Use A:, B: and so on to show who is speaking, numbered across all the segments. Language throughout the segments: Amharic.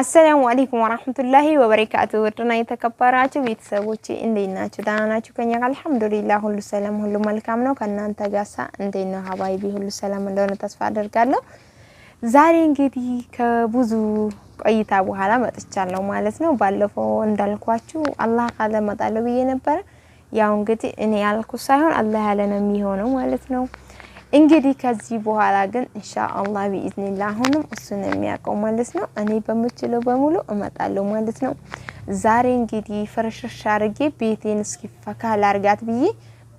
A: አሰላሙ አለይኩም ወራህመቱላሂ ወበረካቱ። ውድና የተከበራችሁ ቤተሰቦች እንዴት ናችሁ? ደህና ናችሁ? ከኛ ጋር አልሐምዱሊላህ ሁሉ ሰላም፣ ሁሉ መልካም ነው። ከእናንተ ጋሳ እንዴት ነው? ሀባይቢ ሁሉ ሰላም እንደሆነ ተስፋ አደርጋለሁ። ዛሬ እንግዲህ ከብዙ ቆይታ በኋላ መጥቻለሁ ማለት ነው። ባለፈው እንዳልኳችሁ አላህ ካለ መጣለሁ ብዬ ነበረ። ያው እንግዲህ እኔ ያልኩ ሳይሆን አላህ ያለ ነው የሚሆነው ማለት ነው። እንግዲህ ከዚህ በኋላ ግን ኢንሻአላህ ቢኢዝኒላ አሁንም እሱን የሚያውቀው ማለት ነው። እኔ በምችለው በሙሉ እመጣለሁ ማለት ነው። ዛሬ እንግዲህ ፍርሽርሽ አርጌ ቤቴን እስኪ ፈካ ላርጋት ብዬ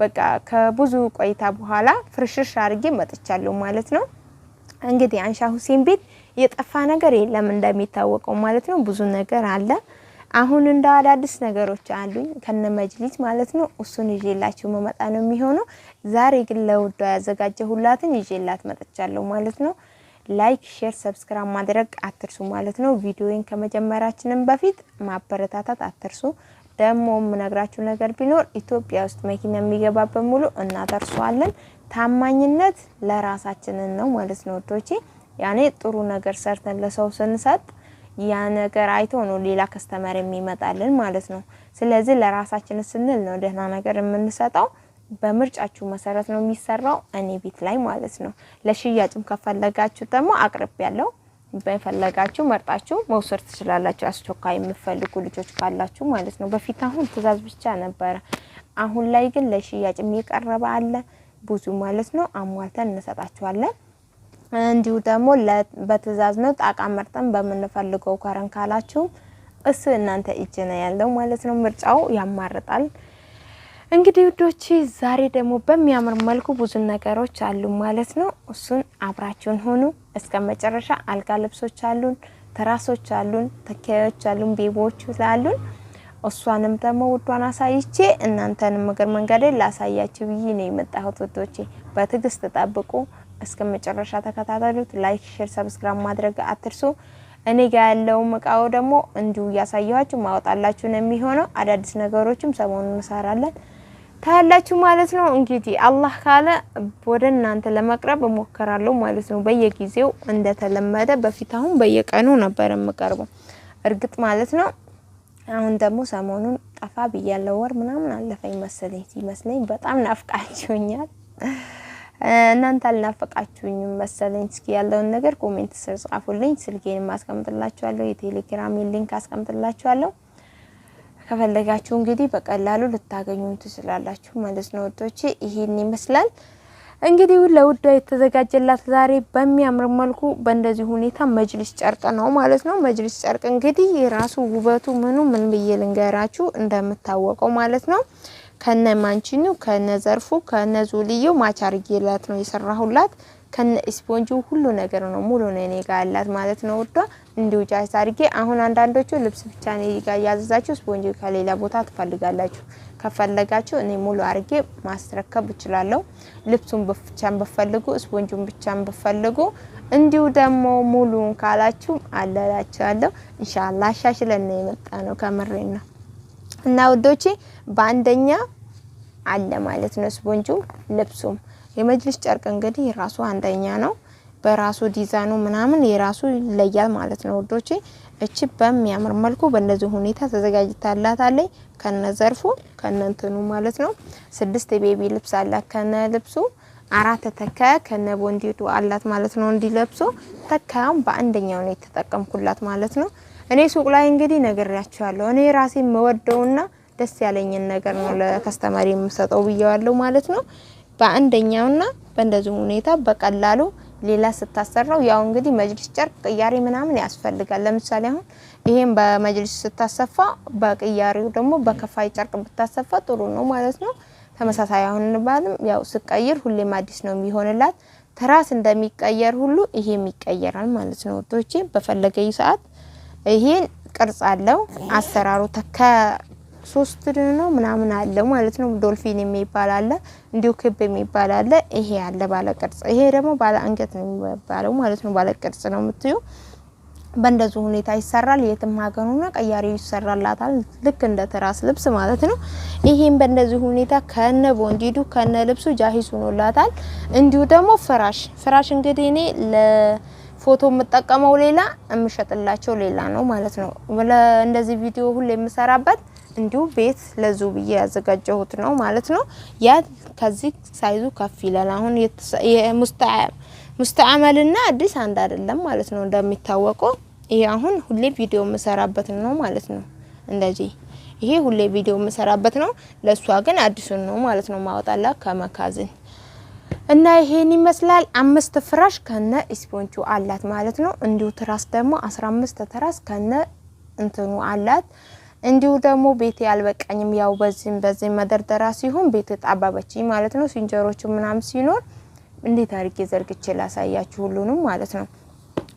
A: በቃ ከብዙ ቆይታ በኋላ ፍርሽርሽ አርጌ መጥቻለሁ ማለት ነው። እንግዲህ አንሻ ሁሴን ቤት የጠፋ ነገር የለም እንደሚታወቀው ማለት ነው። ብዙ ነገር አለ። አሁን እንደ አዳዲስ ነገሮች አሉኝ ከነ መጅሊስ ማለት ነው። እሱን ይዤላችሁ መመጣ ነው የሚሆነው። ዛሬ ግን ለውዷ ያዘጋጀሁላትን ይዤላት መጥቻለሁ ማለት ነው። ላይክ፣ ሼር፣ ሰብስክራይብ ማድረግ አትርሱ ማለት ነው። ቪዲዮን ከመጀመራችንም በፊት ማበረታታት አትርሱ። ደግሞ የምነግራችሁ ነገር ቢኖር ኢትዮጵያ ውስጥ መኪና የሚገባ በሙሉ እናደርሰዋለን። ታማኝነት ለራሳችንን ነው ማለት ነው። ወዶቼ ያኔ ጥሩ ነገር ሰርተን ለሰው ስንሰጥ ያ ነገር አይቶ ነው ሌላ ከስተመር የሚመጣልን ማለት ነው። ስለዚህ ለራሳችን ስንል ነው ደህና ነገር የምንሰጠው። በምርጫችሁ መሰረት ነው የሚሰራው እኔ ቤት ላይ ማለት ነው። ለሽያጭም ከፈለጋችሁ ደግሞ አቅርብ ያለው በፈለጋችሁ መርጣችሁ መውሰድ ትችላላችሁ። አስቸኳይ የምፈልጉ ልጆች ካላችሁ ማለት ነው። በፊት አሁን ትእዛዝ ብቻ ነበረ። አሁን ላይ ግን ለሽያጭ የቀረበ አለ ብዙ ማለት ነው። አሟልተን እንሰጣችኋለን። እንዲሁ ደግሞ በትዕዛዝ ነው ጣቃ መርጠን በምንፈልገው ከረን ካላችሁ እሱ እናንተ እጅ ነው ያለው ማለት ነው። ምርጫው ያማርጣል። እንግዲህ ውዶች ዛሬ ደግሞ በሚያምር መልኩ ብዙ ነገሮች አሉ ማለት ነው። እሱን አብራችሁን ሆኑ እስከ መጨረሻ። አልጋ ልብሶች አሉን፣ ትራሶች አሉን፣ ተኪያዮች አሉን፣ ቤቦች አሉን። እሷንም ደግሞ ውዷን አሳይቼ እናንተንም እግር መንገዴ ላሳያችሁ ብዬ ነው የመጣሁት ውዶቼ። በትዕግስት ጠብቁ። እስከ መጨረሻ ተከታተሉት። ላይክ፣ ሼር፣ ሰብስክራይብ ማድረግ አትርሱ። እኔ ጋር ያለው እቃው ደግሞ እንዲሁ እያሳየኋችሁ ማወጣላችሁ ነው የሚሆነው። አዳዲስ ነገሮችም ሰሞኑን እንሰራለን ታያላችሁ ማለት ነው። እንግዲህ አላህ ካለ ወደ እናንተ ለመቅረብ እሞክራለሁ ማለት ነው። በየጊዜው እንደተለመደ በፊት አሁን በየቀኑ ነበር የምቀርበው እርግጥ ማለት ነው። አሁን ደግሞ ሰሞኑን ጠፋ ብያለሁ። ወር ምናምን አለፈኝ መሰለኝ ሲመስለኝ በጣም ናፍቃችሁኛል። እናንተ አልናፈቃችሁኝም መሰለኝ። እስኪ ያለውን ነገር ኮሜንት ስር ጻፉልኝ። ስልኬንም አስቀምጥላችኋለሁ፣ የቴሌግራም ሊንክ አስቀምጥላችኋለሁ። ከፈለጋችሁ እንግዲህ በቀላሉ ልታገኙ ትችላላችሁ ማለት ነው። ወጦቼ ይሄን ይመስላል እንግዲህ ለውዷ የተዘጋጀላት ዛሬ በሚያምር መልኩ በእንደዚህ ሁኔታ መጅልስ ጨርቅ ነው ማለት ነው። መጅልስ ጨርቅ እንግዲህ የራሱ ውበቱ ምኑ ምን ብዬ ልንገራችሁ እንደምታወቀው ማለት ነው ከነ ማንቺኑ ከነ ዘርፉ ከነ ዙልዩ ማች አርጌላት ነው የሰራሁላት። ከነ ስፖንጁ ሁሉ ነገር ነው ሙሉ ነው እኔ ጋር ያላት ማለት ነው። ወዷ እንዲሁ ጫስ አርጌ አሁን አንዳንዶቹ ልብስ ብቻ ነው ጋር ያዘዛችሁ ስፖንጅ ከሌላ ቦታ ትፈልጋላችሁ። ከፈለጋችሁ እኔ ሙሉ አርጌ ማስረከብ እችላለሁ። ልብሱን ብቻን ብፈልጉ ስፖንጁን ብቻን ብፈልጉ እንዲሁ ደግሞ ሙሉን ካላችሁ አለላችኋለሁ። ኢንሻአላህ ሻሽለን የመጣ ነው ከምሬ ነው። እና ውዶቼ በአንደኛ አለ ማለት ነው። ስቦንጁ ልብሱም የመጅልስ ጨርቅ እንግዲህ የራሱ አንደኛ ነው። በራሱ ዲዛይኑ ምናምን የራሱ ይለያል ማለት ነው ውዶቼ። እቺ በሚያምር መልኩ በእንደዚህ ሁኔታ ተዘጋጅታላታለች። ከነ ዘርፉ እንትኑ ማለት ነው። ስድስት ቤቢ ልብስ አላት ከነ ልብሱ አራት ተከ ከነ ቦንዲቱ አላት ማለት ነው። እንዲለብሶ ተካውን በአንደኛው ነው የተጠቀምኩላት ማለት ነው። እኔ ሱቅ ላይ እንግዲህ ነግሬያችኋለሁ። እኔ ራሴ የምወደውና ደስ ያለኝን ነገር ነው ለከስተማሪ የምሰጠው ብየዋለሁ ማለት ነው። በአንደኛውና በእንደዚህ ሁኔታ በቀላሉ ሌላ ስታሰራው ያው እንግዲህ መጅልስ ጨርቅ ቅያሬ ምናምን ያስፈልጋል። ለምሳሌ አሁን ይሄን በመጅልስ ስታሰፋ በቅያሬው ደግሞ በከፋይ ጨርቅ ብታሰፋ ጥሩ ነው ማለት ነው። ተመሳሳይ አሁን እንባልም ያው ስቀይር ሁሌም አዲስ ነው የሚሆንላት። ትራስ እንደሚቀየር ሁሉ ይሄም ይቀየራል ማለት ነው። ወጥቶቼ በፈለገኝ ሰዓት ይሄን ቅርጽ አለው አሰራሩ ሶስት ነው ምናምን አለው ማለት ነው። ዶልፊን የሚባል አለ፣ እንዲሁ ክብ የሚባል አለ። ይሄ አለ ባለ ቅርጽ። ይሄ ደግሞ ባለ አንገት ነው የሚባለው ማለት ነው። ባለ ቅርጽ ነው የምትዩ በእንደዚህ ሁኔታ ይሰራል። የትም ሀገር ሆነ ቀያሪው ይሰራላታል። ልክ እንደ ትራስ ልብስ ማለት ነው። ይሄን በእንደዚህ ሁኔታ ከነ ቦንዲዱ ከነ ልብሱ ጃሂስ ሆኖላታል። እንዲሁ ደግሞ ፍራሽ ፍራሽ እንግዲህ እኔ ፎቶ የምጠቀመው ሌላ የምሸጥላቸው ሌላ ነው ማለት ነው። እንደዚህ ቪዲዮ ሁሌ የምሰራበት እንዲሁ ቤት ለዙ ብዬ ያዘጋጀሁት ነው ማለት ነው። ያ ከዚህ ሳይዙ ከፍ ይላል። አሁን ሙስተዓመልና አዲስ አንድ አይደለም ማለት ነው። እንደሚታወቀው ይሄ አሁን ሁሌ ቪዲዮ የምሰራበት ነው ማለት ነው። እንደዚህ ይሄ ሁሌ ቪዲዮ የምሰራበት ነው። ለእሷ ግን አዲሱን ነው ማለት ነው ማወጣላ ከመካዝን እና ይሄን ይመስላል። አምስት ፍራሽ ከነ ስፖንጁ አላት ማለት ነው። እንዲሁ ትራስ ደግሞ 15 ትራስ ከነ እንትኑ አላት። እንዲሁ ደግሞ ቤቴ አልበቃኝም፣ ያው በዚህም በዚህ መደርደራ ሲሆን ቤት ጣባበችኝ ማለት ነው። ሲንጀሮቹ ምናምን ሲኖር እንዴት አድርጌ ዘርግቼ ላሳያችሁ ሁሉንም ማለት ነው።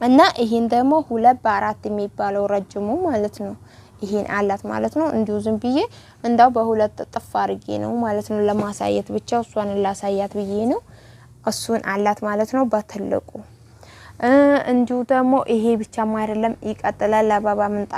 A: እና ይሄን ደግሞ ሁለት በአራት የሚባለው ረጅሙ ማለት ነው ይሄን አላት ማለት ነው። እንዲሁ ዝም ብዬ እንዳው በሁለት ጥፍ አድርጌ ነው ማለት ነው ለማሳየት ብቻ እሷን ላሳያት ብዬ ነው። እሱን አላት ማለት ነው በትልቁ እንዲሁ ደግሞ ይሄ ብቻም አይደለም ይቀጥላል። ለአበባ ምንጣፍ